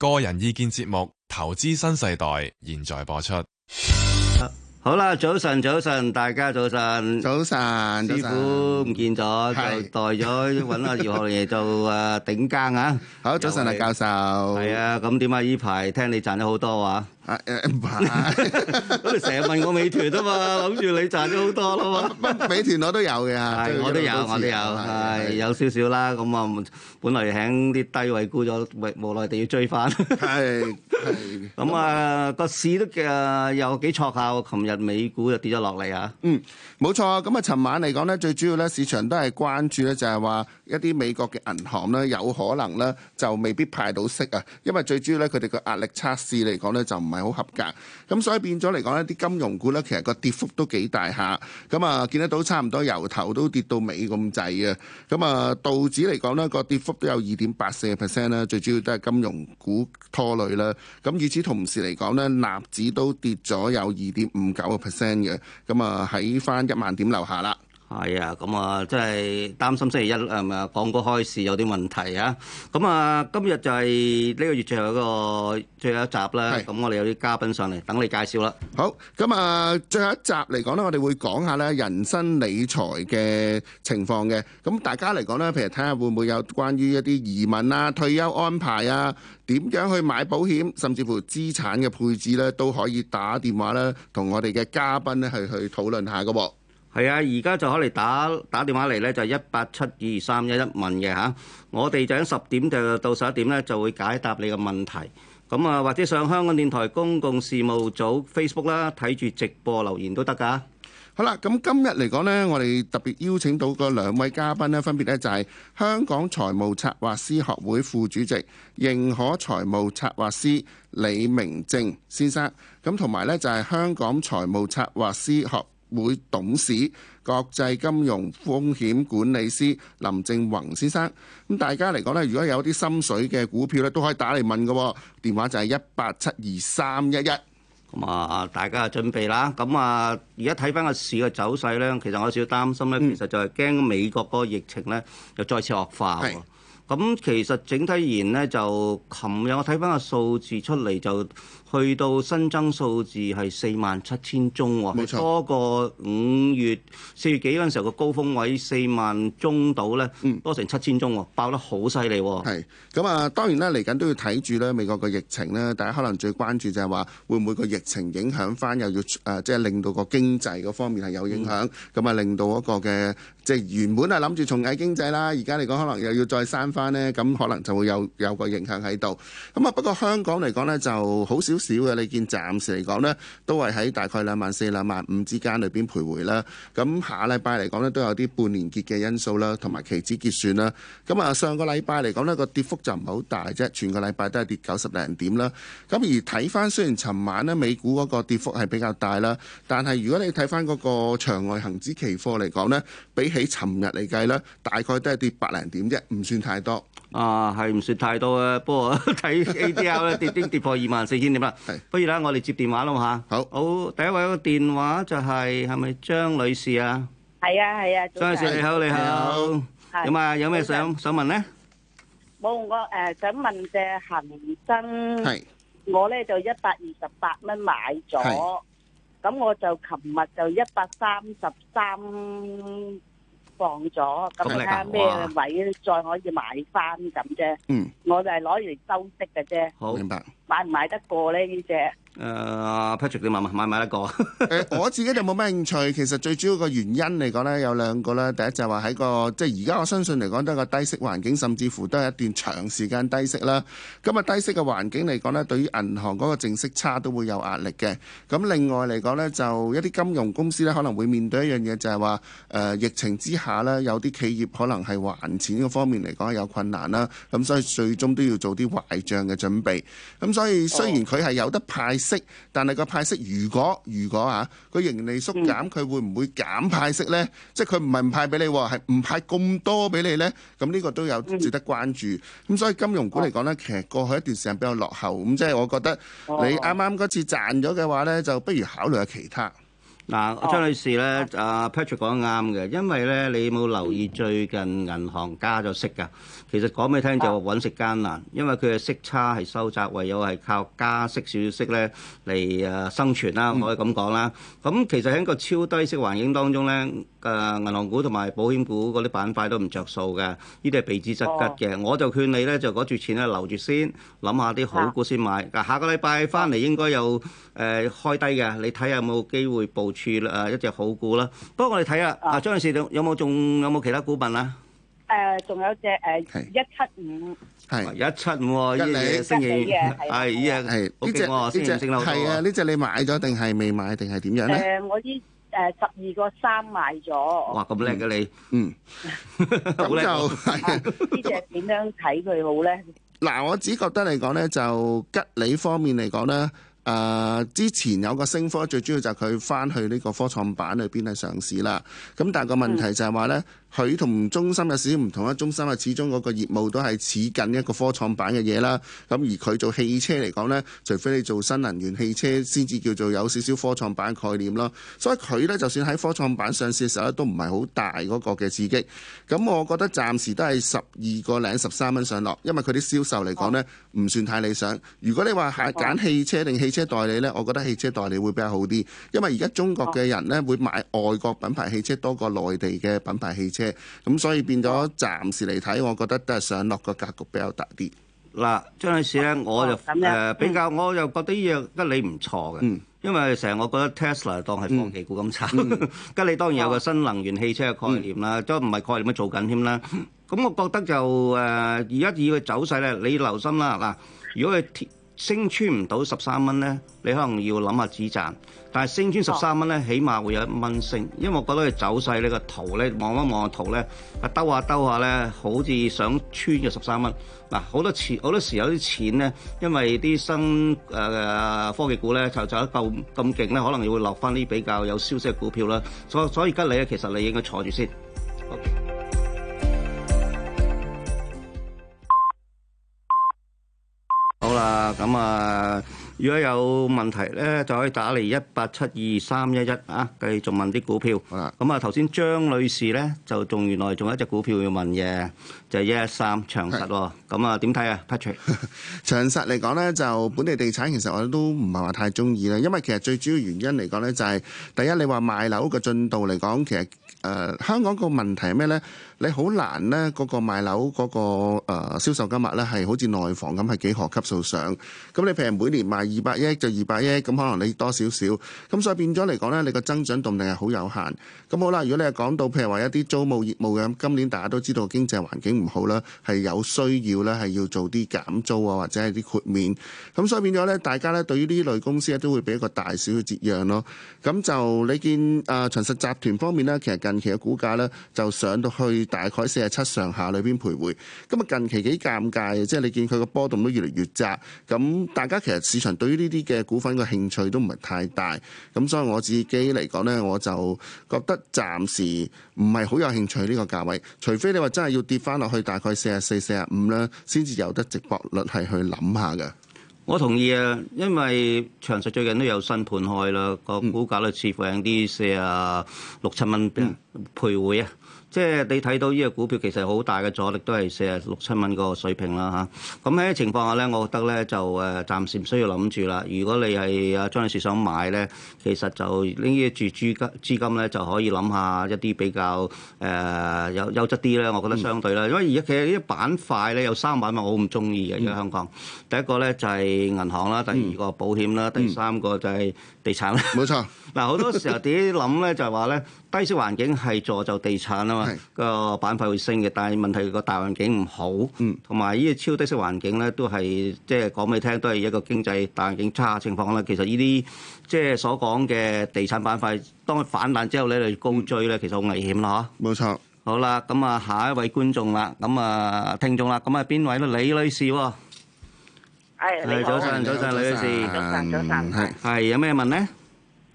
個人意見節目《投資新世代》，現在播出。好啦，早晨，早晨，大家早晨，早晨，師傅唔見咗，就代咗揾阿姚學爺做誒頂更啊！好，早晨啊，教授，係啊，咁點啊？依排聽你賺咗好多哇！誒唔係，我哋成日問我美團啊嘛，諗住你賺咗好多咯喎，美團我都有嘅，係我都有，我都有，係有少少啦。咁啊，本來喺啲低位沽咗，無奈地要追翻。係係。咁啊，個市都誒有幾錯下，琴日。日美股又跌咗落嚟啊！嗯，冇錯。咁啊，尋晚嚟講呢，最主要呢市場都係關注呢，就係話一啲美國嘅銀行呢，有可能呢就未必派到息啊。因為最主要呢，佢哋個壓力測試嚟講呢，就唔係好合格。咁所以變咗嚟講呢啲金融股呢，其實個跌幅都幾大下。咁啊，見得到差唔多由頭都跌到尾咁滯啊。咁啊，道指嚟講呢個跌幅都有二點八四 percent 啦。最主要都係金融股拖累啦。咁與此同時嚟講呢，納指都跌咗有二點五。九個 percent 嘅，咁啊喺翻一萬點樓下啦。係啊，咁啊，真係擔心星期一啊，港股開市有啲問題啊。咁啊，今日就係呢個月最後一個最後一集啦。咁我哋有啲嘉賓上嚟，等你介紹啦。好，咁啊，最後一集嚟講咧，我哋會講下咧人身理財嘅情況嘅。咁大家嚟講咧，譬如睇下會唔會有關於一啲移民啊、退休安排啊、點樣去買保險，甚至乎資產嘅配置咧，都可以打電話咧，同我哋嘅嘉賓咧係去討論下噶。係啊，而家就可以打打電話嚟呢，就一八七二三一一問嘅吓。我哋就喺十點就到十一點呢，就會解答你嘅問題。咁啊，或者上香港電台公共事務組 Facebook 啦，睇住直播留言都得㗎。好啦，咁今日嚟講呢，我哋特別邀請到個兩位嘉賓呢，分別呢就係香港財務策劃師學會副主席、認可財務策劃師李明正先生，咁同埋呢，就係香港財務策劃師學。會董事、國際金融風險管理師林正宏先生，咁大家嚟講呢，如果有啲心水嘅股票呢，都可以打嚟問㗎，電話就係一八七二三一一。咁啊，大家就準備啦。咁啊，而家睇翻個市嘅走勢呢，其實我有少少擔心呢。其實就係驚美國嗰個疫情呢又再次惡化。咁是其實整體而言呢，就琴日我睇翻個數字出嚟就。去到新增數字係四萬七千宗喎，冇錯，多過五月四月幾嗰陣時候個高峰位四萬宗到呢，嗯、多成七千宗，爆得好犀利喎。咁啊，當然啦，嚟緊都要睇住呢美國個疫情呢。大家可能最關注就係話會唔會個疫情影響翻，又要誒、呃、即係令到個經濟嗰方面係有影響，咁啊令到一個嘅即係原本係諗住重啟經濟啦，而家嚟講可能又要再閂翻呢。咁可能就會有有個影響喺度。咁啊不過香港嚟講呢，就好少。少嘅，你見暫時嚟講呢，都係喺大概兩萬四、兩萬五之間裏邊徘徊啦。咁下個禮拜嚟講呢，都有啲半年結嘅因素啦，同埋期指結算啦。咁啊，上個禮拜嚟講呢個跌幅就唔係好大啫，全個禮拜都係跌九十零點啦。咁而睇翻，雖然尋晚咧美股嗰個跌幅係比較大啦，但係如果你睇翻嗰個場外恆指期貨嚟講呢，比起尋日嚟計咧，大概都係跌百零點啫，唔算太多。啊，係唔算太多嘅，不過睇 A D R 咧，跌跌跌破二萬四千點啦。係，不如咧我哋接電話咯吓。好，好，第一位個電話就係係咪張女士啊？係啊係啊，張女士你好你好。係。咁啊？有咩想想問咧？冇，我誒想問隻恒生。係。我咧就一百二十八蚊買咗，咁我就琴日就一百三十三。放咗，咁睇下咩位再可以買翻咁啫。嗯，我就係攞嚟收息嘅啫。好明白。買唔買得過呢？呢隻，誒，Patrick 你買唔買得過？誒、 欸，我自己就冇咩興趣。其實最主要個原因嚟講呢，有兩個啦。第一就係話，是，喺個即係而家我相信嚟講都係個低息環境，甚至乎都係一段長時間低息啦。咁，嗯、啊，低息嘅環境嚟講呢，對於銀行嗰個淨息差都會有壓力嘅。咁，嗯、另外嚟講呢，就一啲金融公司呢可能會面對一樣嘢，就係話誒疫情之下呢，有啲企業可能係還錢嘅方面嚟講有困難啦。咁，嗯、所以最終都要做啲壞帳嘅準備。咁、嗯嗯所以雖然佢係有得派息，但係個派息如果如果嚇、啊、佢盈利縮減，佢會唔會減派息呢？嗯、即係佢唔係唔派俾你，係唔派咁多俾你呢？咁呢個都有值得關注。咁、嗯、所以金融股嚟講呢，其實過去一段時間比較落後。咁即係我覺得你啱啱嗰次賺咗嘅話呢，就不如考慮下其他。嗱、啊，張女士咧，阿、oh. 啊、Patrick 講得啱嘅，因為咧你冇留意最近銀行加咗息㗎？其實講俾你聽就揾息艱難，因為佢嘅息差係收窄，唯有係靠加息少少息咧嚟誒生存啦，我可以咁講啦。咁、mm. 啊、其實喺個超低息環境當中咧。嘅銀行股同埋保險股嗰啲板塊都唔著數嘅，呢啲係避之則吉嘅。我就勸你咧，就攞住錢咧留住先，諗下啲好股先買。嗱，下個禮拜翻嚟應該有誒開低嘅，你睇下有冇機會部署誒一隻好股啦。不過我哋睇下啦，阿張女士，有冇仲有冇其他股份啊？誒，仲有隻誒一七五，係一七五，今日升完，係呢隻，呢隻係啊，呢隻你買咗定係未買定係點樣咧？誒，我依誒十二個三買咗，哇咁靚嘅你，啊、嗯，咁就、 啊、隻呢隻點樣睇佢好咧？嗱、啊，我只覺得嚟講咧，就吉利方面嚟講咧，誒、呃、之前有個升科，最主要就係佢翻去呢個科創板裏邊去上市啦。咁但係個問題就係話咧，嗯佢同中心有少少唔同啦，中心啊始終嗰個業務都係似近一個科創板嘅嘢啦。咁而佢做汽車嚟講咧，除非你做新能源汽車先至叫做有少少科創板概念咯，所以佢咧，就算喺科創板上市嘅時候咧，都唔係好大嗰個嘅刺激。咁我覺得暫時都係十二個零十三蚊上落，因為佢啲銷售嚟講咧，唔算太理想。如果你話係揀汽車定汽車代理咧，我覺得汽車代理會比較好啲，因為而家中國嘅人咧會買外國品牌汽車多過內地嘅品牌汽車。咁、嗯、所以變咗暫時嚟睇，我覺得都係上落個格局比較大啲。嗱、啊，張女士咧，我就誒、呃嗯、比較，我就覺得依樣吉利唔錯嘅，嗯、因為成日我覺得 Tesla 當係科技股咁炒，吉、嗯、 利當然有個新能源汽車嘅概念啦，都唔係概念做緊添啦。咁、嗯嗯、我覺得就誒，而、呃、家以佢走勢咧，你留心啦。嗱，如果佢……升穿唔到十三蚊咧，你可能要諗下止賺。但係升穿十三蚊咧，哦、起碼會有一蚊升。因為我覺得佢走勢呢、呢個圖咧，望一望個圖咧，啊兜下兜下咧，好似想穿嘅十三蚊嗱。好多錢，好多時有啲錢咧，因為啲新誒、啊、科技股咧就走一嚿咁勁咧，可能要落翻啲比較有消息嘅股票啦。所以所以吉利咧，其實你應該坐住先。啊，咁啊，如果有問題咧，就可以打嚟一八七二三一一啊，繼續問啲股票。咁啊，頭先張女士咧就仲原來仲有一隻股票要問嘅，就係一一三長實喎。咁啊，點睇啊，Patrick？長實嚟講咧，就本地地產其實我都唔係話太中意喇，因為其實最主要原因嚟講咧，就係第一你話賣樓嘅進度嚟講，其實誒香港個問題係咩咧？你好難咧，嗰個賣樓嗰個誒銷售金額咧係好似內房咁係幾何級數上。咁你譬如每年賣二百億就二百億，咁可能你多少少。咁所以變咗嚟講咧，你個增長動力係好有限。咁好啦，如果你係講到譬如話一啲租務業務嘅，今年大家都知道經濟環境唔好啦，係有需要咧係要做啲減租啊或者係啲豁免。咁所以變咗咧，大家咧對於呢類公司咧都會俾一個大少少折讓咯。咁就你見啊，長實集團方面咧，其實近期嘅股價咧就上到去大概四十七上下裏邊徘徊，咁啊近期幾尷尬，即係你見佢個波動都越嚟越窄，咁大家其實市場對於呢啲嘅股份嘅興趣都唔係太大，咁所以我自己嚟講呢，我就覺得暫時唔係好有興趣呢個價位，除非你話真係要跌翻落去大概四十四、四十五啦，先至有得值博率係去諗下嘅。我同意啊，因為長實最近都有新盤開啦，個估價都似乎翻啲四十六七蚊徘徊會啊。嗯嗯。即係你睇到呢個股票其實好大嘅阻力都係四啊六七蚊個水平啦嚇，咁、啊、喺情況下咧，我覺得咧就誒暫時唔需要諗住啦。如果你係阿張女士想買咧，其實就拎啲住資金資金咧就可以諗下一啲比較誒有、呃、優質啲咧，我覺得相對啦，嗯、因為而家其實呢啲板塊咧有三板塊我好唔中意嘅，而家香港第一個咧就係銀行啦，第二個保險啦，嗯、第三個就係地產啦。冇錯。嗱好 多時候點諗咧，就係話咧。 低息環境係助就地產啊嘛，個板塊會升嘅。但係問題個大環境唔好，嗯，同埋呢個超低息環境咧，都係即係講俾你聽，都係一個經濟大環境差嘅情況啦。其實呢啲即係所講嘅地產板塊，當佢反彈之後咧，你高追咧，其實好危險咯，嚇。冇錯。好啦，咁啊，下一位觀眾啦，咁啊，聽眾啦，咁啊，邊位咧？李女士。係。早晨，早晨，李女士。早晨，早晨。係。係，有咩問咧？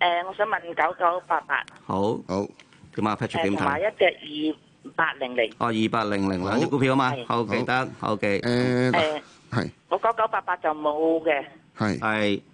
誒、呃，我想問九九八八。好，哦、200, 好，點啊？Patrick，點睇？買一隻二八零零。哦，二八零零兩隻股票啊嘛，是好，記得，OK。誒，係我九九八八就冇嘅。係，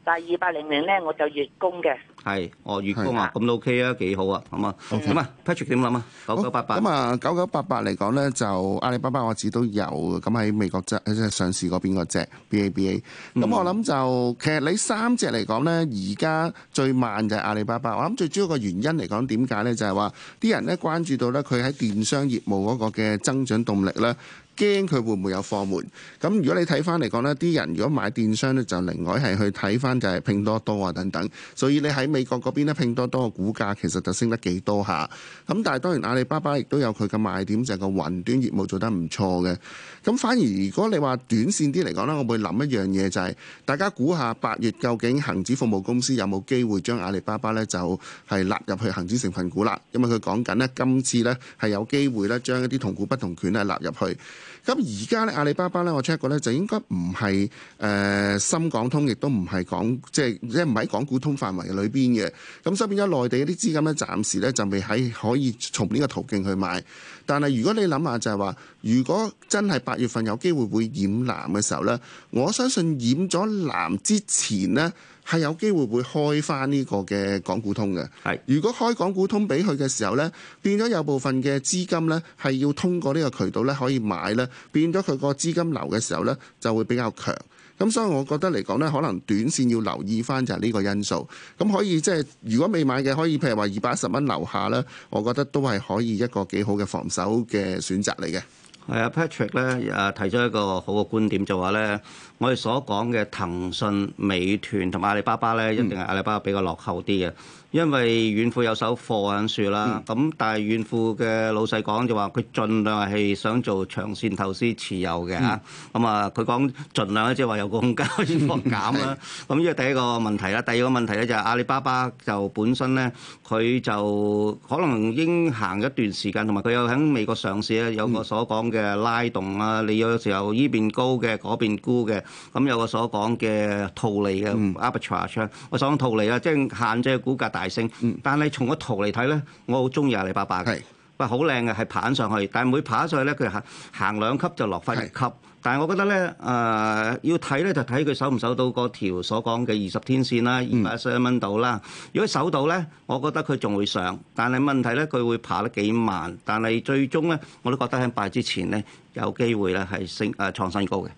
但係二八零零咧我就月供嘅。係，哦，月供啊，咁都 OK 啊，幾好啊，好嘛？點啊？Patrick 點諗啊？九九八八咁啊？九九八八嚟講咧，就阿里巴巴我自己都有，咁喺美國即係上市嗰邊嗰隻 BABA。咁我諗就其實你三隻嚟講咧，而家最慢就係阿里巴巴。我諗最主要嘅原因嚟講，點解咧？就係話啲人咧關注到咧佢喺電商業務嗰個嘅增長動力咧，驚佢會唔會有貨門。咁如果你睇翻嚟講咧，啲人如果買電商咧，就另外。係去睇翻就係拼多多啊等等，所以你喺美國嗰邊呢，拼多多嘅股價其實就升得幾多下，咁但係當然阿里巴巴亦都有佢嘅賣點，就係個雲端業務做得唔錯嘅。咁反而如果你話短線啲嚟講呢，我會諗一樣嘢就係大家估下八月究竟恆指服務公司有冇機會將阿里巴巴呢就係納入去恆指成份股啦，因為佢講緊呢今次呢係有機會呢將一啲同股不同權呢納入去。咁而家咧阿里巴巴咧，我 check 過，咧就應該唔係誒深港通，亦都唔係港，即係即係唔喺港股通範圍裏邊嘅。咁所以變咗內地啲資金咧，暫時咧就未喺可以從呢個途徑去買。但係如果你諗下就係話，如果真係八月份有機會會染藍嘅時候咧，我相信染咗藍之前咧。係有機會會開翻呢個嘅港股通嘅。係是，如果開港股通俾佢嘅時候呢，變咗有部分嘅資金呢，係要通過呢個渠道呢可以買，呢變咗佢個資金流嘅時候呢，就會比較強。咁所以我覺得嚟講呢，可能短線要留意翻就係呢個因素。咁可以即係如果未買嘅，可以譬如話二百一十蚊樓下呢，我覺得都係可以一個幾好嘅防守嘅選擇嚟嘅。係啊，Patrick 咧，誒提出一個好嘅觀點，就話咧，我哋所講嘅騰訊、美團同埋阿里巴巴咧，一定係阿里巴巴比較落後啲嘅。因為軟庫有手貨喺樹啦，咁但係軟庫嘅老細講就話佢儘量係想做長線投資持有嘅嚇，咁啊佢講儘量咧，即係話有個空間先放減啦。咁呢個第一個問題啦，第二個問題咧就係阿里巴巴就本身咧，佢就可能應行一段時間，同埋佢有喺美國上市咧，有個所講嘅拉動啊，你有時候呢邊高嘅嗰邊沽嘅，咁有個所講嘅套利嘅 arbitrage，我所講套利啊，即係限制股價大。大升，但係從個圖嚟睇咧，我好中意阿里巴巴嘅，喂好靚嘅，係爬上去，但係每爬上去咧，佢行行兩級就落翻一級。是但係我覺得咧，誒、呃、要睇咧就睇佢守唔守到嗰條所講嘅二十天線啦，二百一十蚊到啦。嗯、如果守到咧，我覺得佢仲會上，但係問題咧，佢會爬得幾慢。但係最終咧，我都覺得喺拜之前咧，有機會咧係升誒創新高嘅。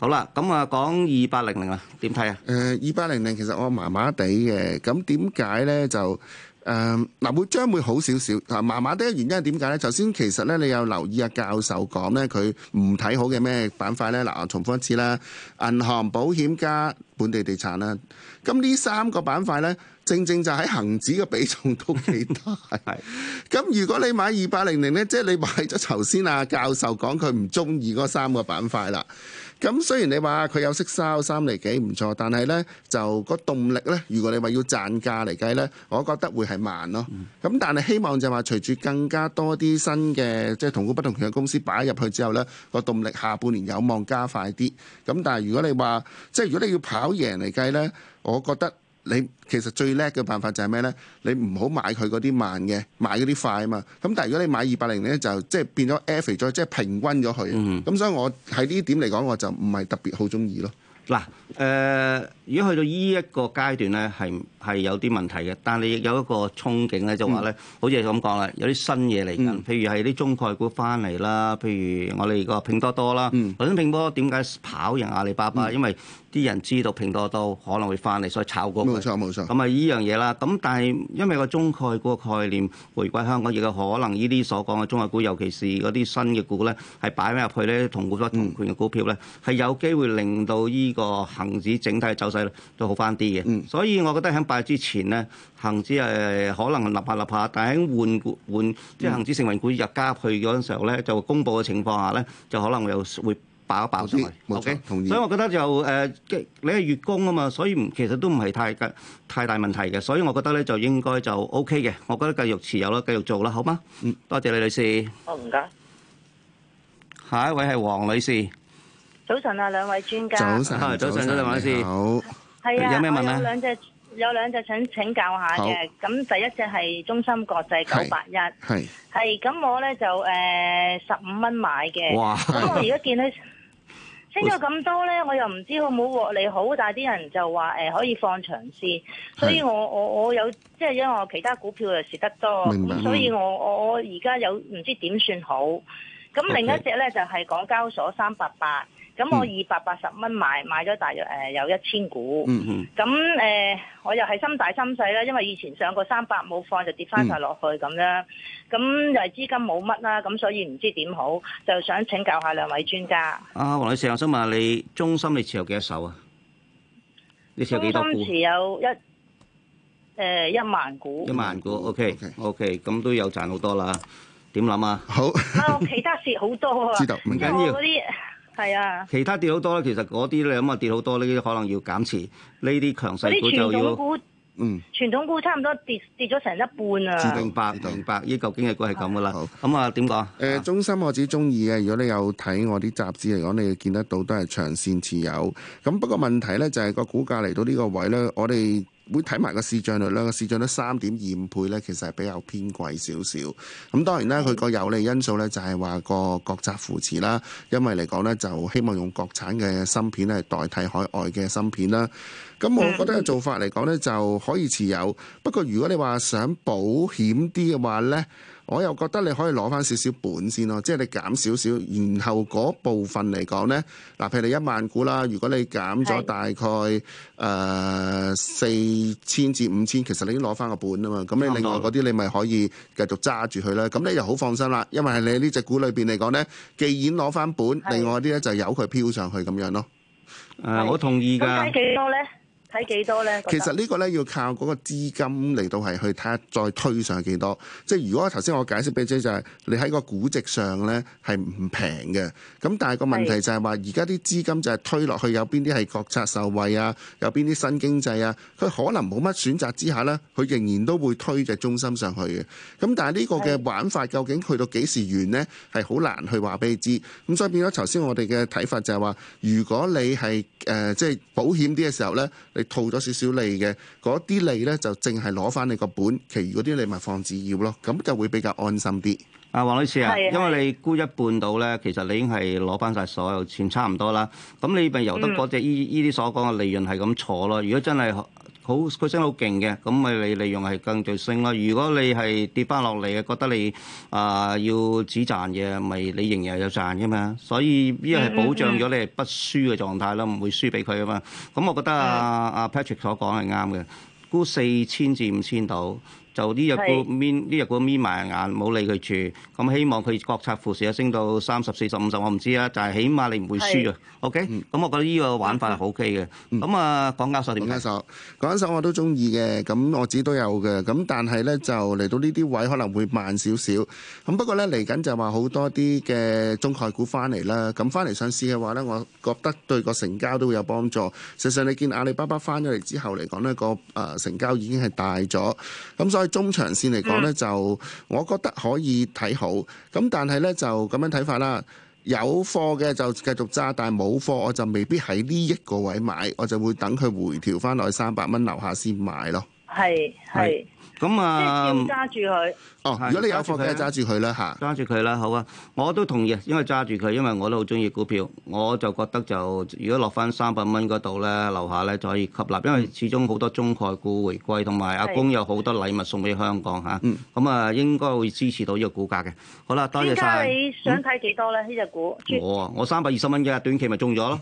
好啦，咁啊，講二八零零啊，點睇啊？誒，二八零零其實我麻麻地嘅，咁點解呢？就誒，嗱，會將會好少少，嗱，麻麻地嘅原因係點解呢？首先，其實呢，你有留意阿教授講呢，佢唔睇好嘅咩板塊呢？嗱，我重複一次啦，銀行、保險加本地地產啦，咁呢三個板塊呢。正正就喺恒指嘅比重都幾大，咁如果你買二八零零呢，即係你買咗頭先啊教授講佢唔中意嗰三個板塊啦。咁雖然你話佢有息三釐幾唔錯，但係呢就個動力呢，如果你話要賺價嚟計呢，我覺得會係慢咯。咁、嗯、但係希望就話隨住更加多啲新嘅即係同股不同權嘅公司擺入去之後呢，個動力下半年有望加快啲。咁但係如果你話即係如果你要跑贏嚟計呢，我覺得。你其實最叻嘅辦法就係咩咧？你唔好買佢嗰啲慢嘅，買嗰啲快啊嘛。咁但係如果你買二百零咧，a, 就即係變咗 average 咗，即係平均咗佢。咁、嗯、哼所以我喺呢點嚟講，我就唔係特別好中意咯。嗱、啊，誒、呃。如果去到呢一個階段咧，係係有啲問題嘅，但你亦有一個憧憬咧，就話咧，好似咁講啦，有啲新嘢嚟緊，嗯、譬如係啲中概股翻嚟啦，譬如我哋個拼多多啦，頭先拼多多點解跑贏阿里巴巴？嗯、因為啲人知道拼多多可能會翻嚟，所以炒過。冇錯，冇錯。咁啊，呢樣嘢啦。咁但係因為個中概股嘅概念回歸香港，亦有可能呢啲所講嘅中概股，尤其是嗰啲新嘅股咧，係擺咩入去咧，同股不同權嘅股票咧，係、嗯、有機會令到呢個恒指整體走勢。都好翻啲嘅，嗯、所以我覺得喺八之前咧，恆指誒可能立下立下，但喺換換即係恆指成分股入家去嗰陣時候咧，就公布嘅情況下咧，就可能又會爆一爆上嚟。冇 Okay, Okay? 錯，所以我覺得就誒，你係月供啊嘛，所以唔其實都唔係太太大問題嘅，所以我覺得咧就應該就 O K 嘅，我覺得繼續持有啦，繼續做啦，好嗎？嗯，多謝李女士。好唔該。下一位係黃女士。早晨啊，兩位專家，早晨，早晨，早晨，好。係啊，我有兩隻，有兩隻想請教下嘅。咁第一隻係中芯國際九八一，係，係咁我咧就誒十五蚊買嘅。哇！咁我而家見咧升咗咁多咧，我又唔知好唔好獲利好，但係啲人就話誒可以放長線，所以我我我有即係因為我其他股票又蝕得多，咁所以我我而家有唔知點算好。咁另一隻咧就係港交所三八八。咁我二百八十蚊買買咗大約誒有一千股。嗯嗯。咁誒，我又係心大心細啦，因為以前上過三百冇放就跌翻晒落去咁樣。咁又係資金冇乜啦，咁所以唔知點好，就想請教下兩位專家。阿黃女士，我想問下你中心你持有幾多手啊？你持有幾多股？中心持有一誒一萬股。一萬股，OK，OK，咁都有賺好多啦。點諗啊？好。啊，我其他蝕好多啊！知道，唔緊要。係啊，其他跌好多咧，其實嗰啲你諗啊跌好多，呢啲可能要減持，呢啲強勢股就要。傳嗯，傳統股差唔多跌跌咗成一半自 8, 500, 500啊。明白，明白，嗯，呢個經濟股係咁噶啦。咁啊點講？誒，中心我只中意嘅，如果你有睇我啲雜誌嚟講，你見得到都係長線持有。咁不過問題咧就係、是、個股價嚟到呢個位咧，我哋。會睇埋個市賬率啦，個市賬率三點二五倍咧，其實係比較偏貴少少。咁當然啦，佢個有利因素咧就係話個國債扶持啦，因為嚟講咧就希望用國產嘅芯片咧代替海外嘅芯片啦。咁我覺得做法嚟講咧就可以持有，不過如果你話想保險啲嘅話咧。我又覺得你可以攞翻少少本先咯，即係你減少少，然後嗰部分嚟講呢，嗱，譬如你一萬股啦，如果你減咗大概誒四千至五千，其實你已經攞翻個本啊嘛。咁你另外嗰啲你咪可以繼續揸住佢啦。咁你又好放心啦，因為係你呢隻股裏邊嚟講呢，既然攞翻本，的另外啲呢，就由佢飄上去咁樣咯。的 uh, 我同意噶。睇幾多呢？其實呢個呢，要靠嗰個資金嚟到係去睇下再推上去幾多。即係如果頭先我解釋俾你知，就係你喺個估值上呢，係唔平嘅。咁但係個問題就係話，而家啲資金就係推落去有邊啲係國策受惠啊？有邊啲新經濟啊？佢可能冇乜選擇之下呢，佢仍然都會推嘅中心上去嘅。咁但係呢個嘅玩法究竟去到幾時完呢？係好難去話俾你知。咁所以變咗頭先我哋嘅睇法就係話，如果你係誒即係保險啲嘅時候呢。你套咗少少利嘅，嗰啲利咧就淨係攞翻你個本，其餘嗰啲你咪放次要咯，咁就會比較安心啲。啊，黃女士啊，係，因為你沽一半到咧，其實你已經係攞翻晒所有錢，差唔多啦。咁你咪由得嗰隻依依啲所講嘅利潤係咁坐咯。如果真係，好，佢升好勁嘅，咁咪你利用係更聚升咯。如果你係跌翻落嚟啊，覺得你啊、呃、要止賺嘅，咪你仍然有賺嘅嘛。所以呢個係保障咗你係不輸嘅狀態咯，唔會輸俾佢啊嘛。咁我覺得阿、啊、阿的 Patrick 所講係啱嘅，估四千至五千度。就呢日個咪，呢日個咪埋眼，冇理佢住。咁希望佢國策扶持啊，升到三十、四十、五十，我唔知啊。但係起碼你唔會輸啊。OK，咁我覺得呢個玩法係好 OK 嘅。咁啊，講港交所點解？港交所，講港交所我都中意嘅，咁我自己都有嘅。咁但係咧，就嚟到呢啲位可能會慢少少。咁不過咧，嚟緊就話好多啲嘅中概股翻嚟啦。咁翻嚟上市嘅話咧，我覺得對個成交都會有幫助。實際你見阿里巴巴翻咗嚟之後嚟講咧，個誒成交已經係大咗。咁所喺中長線嚟講呢就我覺得可以睇好。咁但係呢，就咁樣睇法啦。有貨嘅就繼續揸，但係冇貨我就未必喺呢一個位買，我就會等佢回調翻落去三百蚊樓下先買咯。係係。咁啊，即係係、嗯、要揸住佢。哦，如果你有貨嘅揸住佢啦嚇，揸住佢啦、啊，好啊！我都同意，因為揸住佢，因為我都好中意股票，我就覺得就如果落翻三百蚊嗰度咧，樓下咧就可以吸納，因為始終好多中概股回歸，同埋阿公有好多禮物送俾香港嚇，咁啊的、嗯嗯、應該會支持到呢個股價嘅。好啦，多謝晒。你想睇幾多咧？呢隻、嗯、股我我三百二十蚊嘅短期咪中咗咯，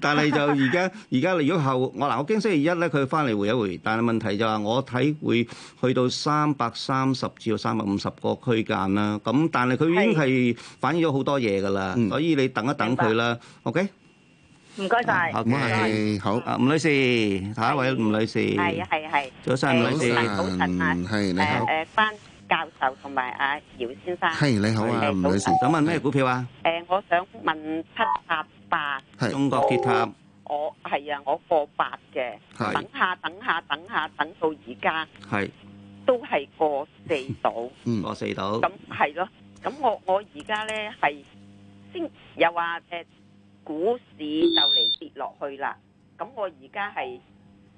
但係就而家而家如果後我嗱我驚星期一咧佢翻嚟回一回，但係問題就係、是、我睇會去到三百三。三十至到三百五十個區間啦，咁但係佢已經係反映咗好多嘢噶啦，所以你等一等佢啦，OK？唔該晒，咁係好，吳女士，下一位吳女士，係係係，早晨女士，嗯，係你好，誒誒，班教授同埋阿姚先生，係你好啊，吳女士，想問咩股票啊？誒，我想問七八八，中國鐵塔，我係啊，我過八嘅，等下等下等下等到而家，係。都係過四度，嗯，過四度。咁係咯，咁我我而家咧係先又話誒，股市就嚟跌落去啦。咁我而家係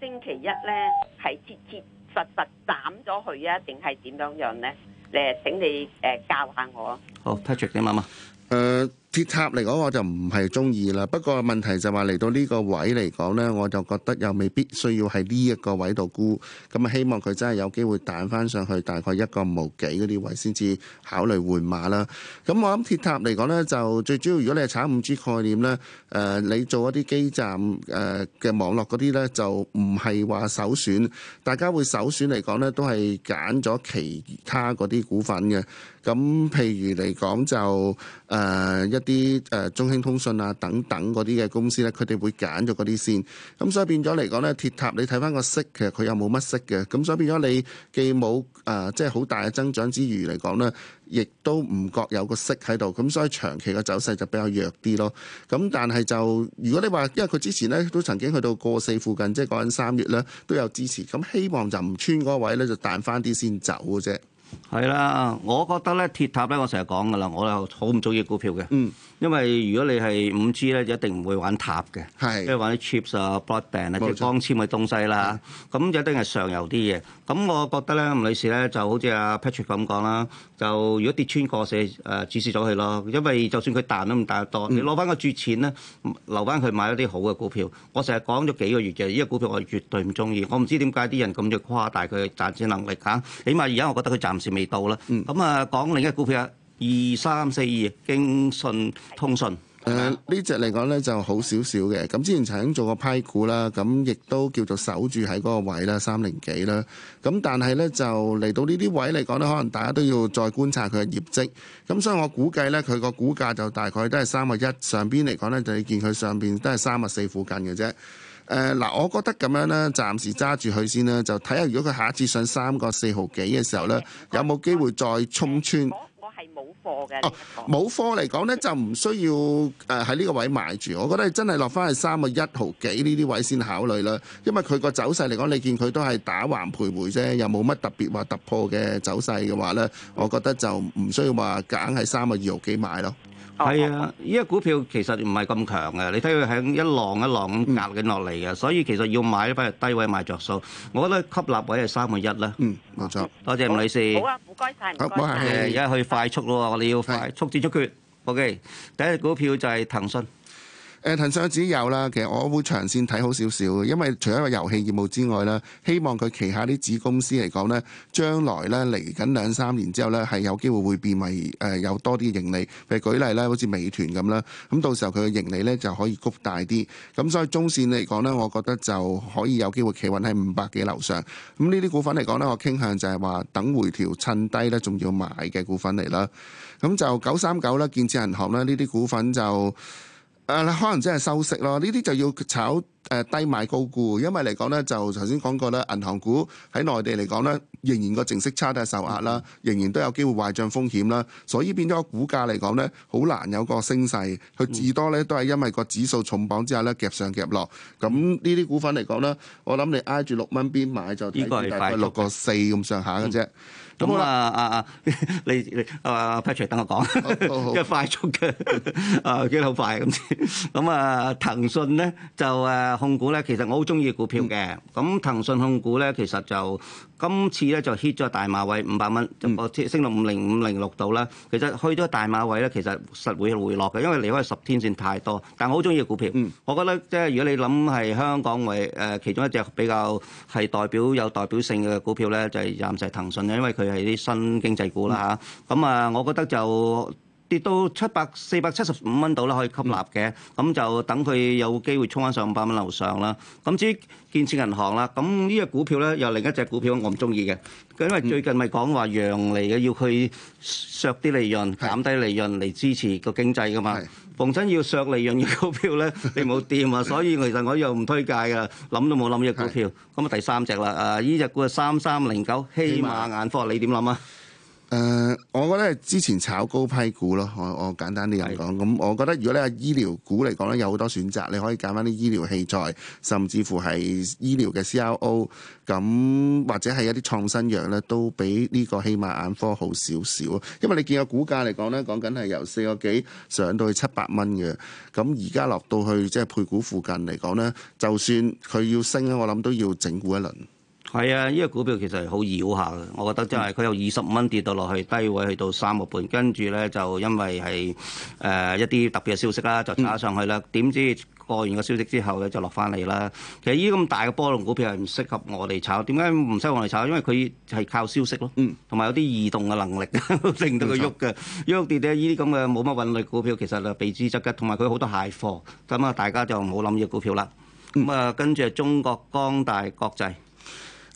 星期一咧，係切切實實斬咗佢啊，定係點樣樣咧？誒，請你誒教下我。好，Touch 你媽媽，誒。鐵塔嚟講我就唔係中意啦，不過問題就話嚟到呢個位嚟講咧，我就覺得又未必需要喺呢一個位度沽，咁啊希望佢真係有機會彈翻上去大概一個無幾嗰啲位先至考慮換馬啦。咁我諗鐵塔嚟講咧，就最主要如果你係炒五 G 概念咧，誒你做一啲基站誒嘅網絡嗰啲咧，就唔係話首選，大家會首選嚟講咧都係揀咗其他嗰啲股份嘅。咁譬如嚟講就誒一，啲誒中興通訊啊等等嗰啲嘅公司咧，佢哋會揀咗嗰啲先，咁所以變咗嚟講咧，鐵塔你睇翻個息，其實佢又冇乜息嘅，咁所以變咗你既冇誒即係好大嘅增長之餘嚟講咧，亦都唔覺有個息喺度，咁所以長期嘅走勢就比較弱啲咯。咁但係就如果你話，因為佢之前咧都曾經去到過四附近，即係講緊三月咧都有支持，咁希望就唔穿嗰個位咧，就彈翻啲先走嘅啫。係啦，我覺得咧，鐵塔咧，我成日講噶啦，我又好唔中意股票嘅。嗯因為如果你係五 G 咧，就一定唔會玩塔嘅，即係是玩啲 chips 啊、b l o o d b a n d 啊、即光纖嘅東西啦。咁、嗯、一定係上游啲嘢。咁我覺得咧，吳女士咧就好似阿 Patrick 咁講啦，就如果跌穿過線，誒止蝕咗佢咯。因為就算佢彈都唔彈得多，你攞翻個注錢咧，留翻佢買一啲好嘅股票。我成日講咗幾個月嘅，依、這個股票我係絕對唔中意。我唔知點解啲人咁嘅誇大佢嘅賺錢能力嚇。起碼而家我覺得佢暫時未到啦。咁、嗯、啊，講另一個股票啊。二三四二，京信通信。誒呢隻嚟講咧就好少少嘅，咁之前曾經做過批股啦，咁亦都叫做守住喺嗰個位啦，三零幾啦。咁但係咧就嚟到呢啲位嚟講咧，可能大家都要再觀察佢嘅業績。咁所以我估計咧，佢個股價就大概都係三個一上邊嚟講咧，就你見佢上邊都係三個四附近嘅啫。誒嗱，我覺得咁樣咧，暫時揸住佢先啦，就睇下如果佢下一次上三個四毫幾嘅時候咧，有冇機會再衝穿。冇貨嘅哦，冇貨嚟講呢，就唔需要誒喺呢個位買住，我覺得真係落翻去三個一毫幾呢啲位先考慮啦。因為佢個走勢嚟講，你見佢都係打橫徘徊啫，又冇乜特別話突破嘅走勢嘅話呢，我覺得就唔需要話揀喺三個二毫幾買咯。係啊，呢個股票其實唔係咁強嘅，你睇佢喺一浪一浪咁壓緊落嚟嘅，所以其實要買咧，不如低位買着數。我覺得吸納位係三個一啦。嗯，冇錯。多謝吳女士。好啊，唔該晒，唔該晒。而家去快速咯，我哋要快速戰速決。OK，第一隻股票就係騰訊。誒騰訊自己有啦，其實我會長線睇好少少，因為除咗個遊戲業務之外咧，希望佢旗下啲子公司嚟講咧，將來咧嚟緊兩三年之後咧，係有機會會變為誒有多啲盈利。譬如舉例咧，好似美團咁啦，咁到時候佢嘅盈利咧就可以谷大啲。咁所以中線嚟講咧，我覺得就可以有機會企穩喺五百幾樓上。咁呢啲股份嚟講咧，我傾向就係話等回調，趁低咧，仲要買嘅股份嚟啦。咁就九三九啦，建設銀行啦，呢啲股份就。誒你、啊、可能真係收息咯，呢啲就要炒。誒低買高沽，因為嚟講咧，就頭先講過咧，銀行股喺內地嚟講咧，仍然個淨息差都係受壓啦，仍然都有機會壞帳風險啦，所以變咗個股價嚟講咧，好難有個升勢，佢至多咧都係因為個指數重磅之下咧夾上夾落，咁呢啲股份嚟講咧，我諗你挨住六蚊邊買就依個係快六個四咁上下嘅啫。咁啊啊，你你啊 Patrick 等我講，因為快速嘅啊幾好快咁咁啊騰訊咧就誒。控股咧，其實我好中意股票嘅。咁、嗯、騰訊控股咧，其實就今次咧就 hit 咗大馬位五百蚊，個、嗯、升到五零五零六度啦。其實去咗大馬位咧，其實實會回落嘅，因為離開十天線太多。但係我好中意股票，嗯、我覺得即係如果你諗係香港為誒其中一隻比較係代表有代表性嘅股票咧，就係暫時騰訊啦，因為佢係啲新經濟股啦嚇。咁、嗯、啊，我覺得就。跌到七百四百七十五蚊度啦，可以吸納嘅，咁、嗯、就等佢有機會衝翻上五百蚊樓上啦。咁至於建設銀行啦，咁呢隻股票咧又另一隻股票我唔中意嘅，佢因為最近咪講話讓利嘅，要去削啲利潤，減低利潤嚟支持個經濟噶嘛。逢親是要削利潤嘅股票咧，你冇掂啊，所以其實我又唔推介噶，諗 都冇諗呢隻股票。咁啊是第三隻啦，啊呢隻股係三三零九希瑪眼科，你點諗啊？ 誒、呃，我覺得之前炒高批股咯，我我簡單啲嚟講，咁的我覺得如果你係醫療股嚟講咧，有好多選擇，你可以揀返啲醫療器材，甚至乎係醫療嘅 C R O，咁或者係一啲創新藥咧，都比呢個希瑪眼科好少少。因為你見個股價嚟講咧，講緊係由四個幾上到去七百蚊嘅，咁而家落到去即係配股附近嚟講咧，就算佢要升咧，我諗都要整固一輪。係啊！呢、這個股票其實係好繞下嘅，我覺得真係佢有二十蚊跌到落去低位，去到三個半，跟住咧就因為係誒、呃、一啲特別嘅消息啦，就打上去啦。點知過完個消息之後咧就落翻嚟啦。其實依啲咁大嘅波動股票係唔適合我哋炒，點解唔適合我哋炒？因為佢係靠消息咯，同埋有啲移動嘅能力令到佢喐嘅喐跌咧。呢啲咁嘅冇乜韻律股票其實就被資質嘅，同埋佢好多蟹貨咁啊，大家就唔好諗呢個股票啦。咁啊、嗯，跟住係中國光大國際。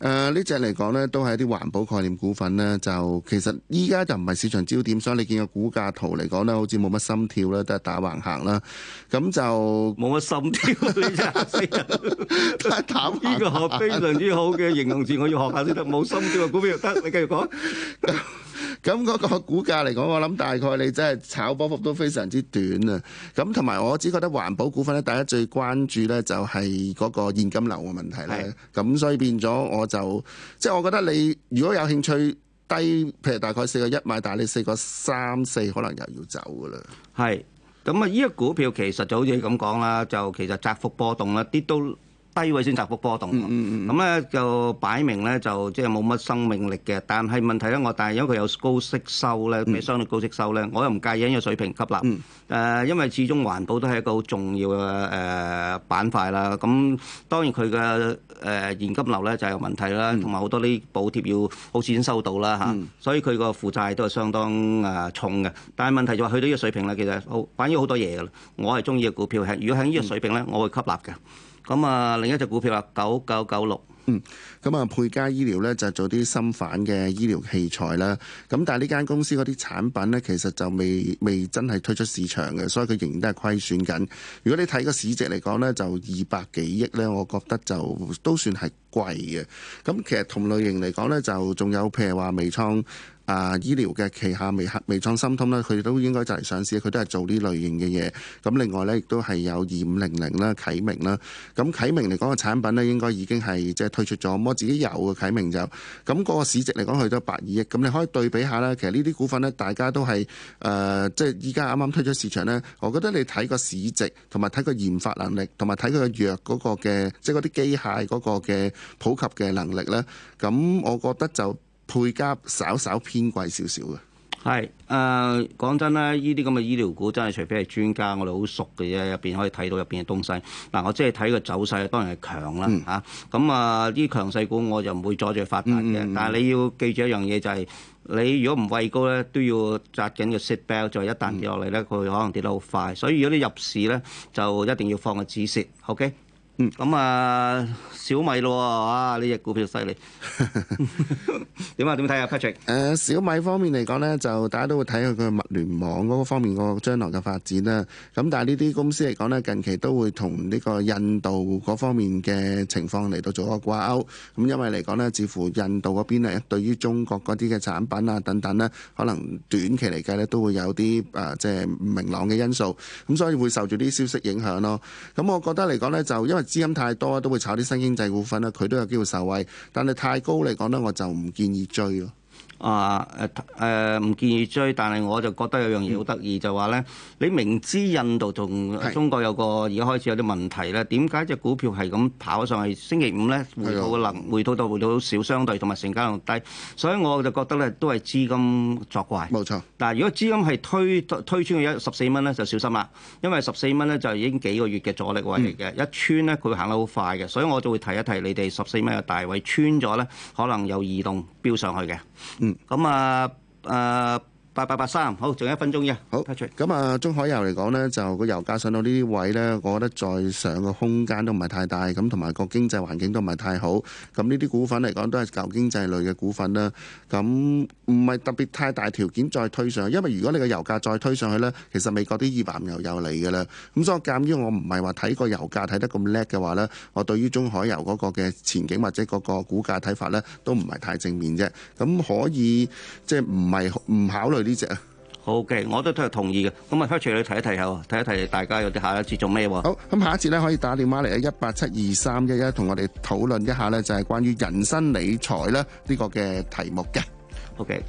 誒、呃、呢隻嚟講咧，都係一啲環保概念股份咧，就其實依家就唔係市場焦點，所以你見個股價圖嚟講咧，好似冇乜心跳啦，都係打橫行啦。咁就冇乜心跳呢隻，太淡呢個學非常之好嘅形容字，我要學下先得。冇 心跳嘅股票得，你繼續講。 咁嗰個股價嚟講，我諗大概你真係炒波幅都非常之短啊！咁同埋我只覺得環保股份咧，大家最關注咧就係嗰個現金流嘅問題咧。咁是所以變咗我就，即係我覺得你如果有興趣低，譬如大概四個一買，但係你四個三四可能又要走噶啦。係，咁啊，呢個股票其實就好似你咁講啦，就其實窄幅波動啦，跌到低位先窄幅波動，咁咧、嗯嗯、就擺明咧就即係冇乜生命力嘅。但係問題咧，我但係因為佢有高息收咧，咩、嗯、相對高息收咧，我又唔介意喺呢個水平吸納。誒、嗯，因為始終環保都係一個好重要嘅誒板塊啦。咁當然佢嘅誒現金流咧就係有問題啦，同埋好多呢啲補貼要好遲先收到啦嚇、嗯啊。所以佢個負債都係相當誒重嘅。但係問題就係、是、去到呢個水平咧，其實好反映好多嘢嘅。我係中意嘅股票係，如果喺呢個水平咧，我會吸納嘅。咁啊，另一隻股票啊，九九九六。嗯，咁啊，沛嘉醫療呢，就是、做啲心瓣嘅醫療器材啦。咁但係呢間公司嗰啲產品呢，其實就未未真係推出市場嘅，所以佢仍然都係虧損緊。如果你睇個市值嚟講呢，就二百幾億呢，我覺得就都算係貴嘅。咁其實同類型嚟講呢，就仲有譬如話微創。啊！醫療嘅旗下微，微創心通啦，佢都應該就嚟上市，佢都係做呢類型嘅嘢。咁另外呢，亦都係有二五零零啦、啟明啦。咁啟明嚟講嘅產品咧，應該已經係即係推出咗，我自己有嘅啟明就咁嗰個市值嚟講去咗百二億。咁你可以對比下啦。其實呢啲股份呢，大家都係誒、呃，即係依家啱啱推出市場呢。我覺得你睇個市值，同埋睇個研發能力，同埋睇佢嘅藥嗰個嘅，即係嗰啲機械嗰個嘅普及嘅能力呢。咁我覺得就。配加稍稍偏貴少少嘅，係誒講真啦，呢啲咁嘅醫療股真係除非係專家，我哋好熟嘅啫，入邊可以睇到入邊嘅東西。嗱、呃，我即係睇個走勢，當然係強啦嚇。咁、嗯、啊，呢啲強勢股我就唔會阻住佢發達嘅。嗯嗯嗯但係你要記住一樣嘢、就是，就係你如果唔畏高咧，都要紮緊個 seat belt，就係一旦跌落嚟咧，佢可能跌得好快。所以如果你入市咧，就一定要放個止蝕，OK。嗯，咁啊，小米咯，哇，呢隻股票犀利。點啊？點睇啊？Patrick，誒，小米方面嚟講咧，就大家都會睇佢嘅物聯網嗰個方面個將來嘅發展啦。咁但係呢啲公司嚟講咧，近期都會同呢個印度嗰方面嘅情況嚟到做一個掛鈎。咁因為嚟講咧，似乎印度嗰邊咧，對於中國嗰啲嘅產品啊等等咧，可能短期嚟計咧都會有啲誒即係唔明朗嘅因素。咁所以會受住啲消息影響咯。咁我覺得嚟講咧，就因為資金太多都會炒啲新經濟股份咧，佢都有機會受惠，但係太高嚟講咧，我就唔建議追咯。啊誒誒唔建議追，但係我就覺得有樣嘢好得意就話咧，你明知印度同中國有個而家是開始有啲問題咧，點解隻股票係咁跑上去？星期五咧的？回吐嘅能回吐到回吐少相對，同埋成交量低，所以我就覺得咧都係資金作怪。冇錯錯。但係如果資金係推推穿去一十四蚊咧，就小心啦，因為十四蚊咧就已經幾個月嘅阻力位嚟嘅，嗯、一穿咧佢行得好快嘅，所以我就會提一提你哋十四蚊嘅大位穿咗咧，可能有移動飆上去嘅。嗯。咁啊啊！八八八三，好，仲有一分鐘啫。好，退出。咁啊，中海油嚟講咧，就個油價上到呢啲位咧，我覺得再上個空間都唔係太大。咁同埋個經濟環境都唔係太好。咁呢啲股份嚟講都係舊經濟類嘅股份啦。咁唔係特別太大條件再推上去，因為如果你個油價再推上去咧，其實美國啲頁岩油又嚟㗎啦。咁所以鑑於我唔係話睇個油價睇得咁叻嘅話咧，我對於中海油嗰個嘅前景或者嗰個股價睇法咧，都唔係太正面啫。咁可以即係唔係唔考慮。呢隻啊，好嘅，我都都係同意嘅。咁啊，除咗睇一睇下，睇一睇大家有啲下一節做咩？好，咁下一節咧可以打電話嚟一八七二三一一，同我哋討論一下咧，就係關於人生理財咧呢個嘅題目嘅。Okay。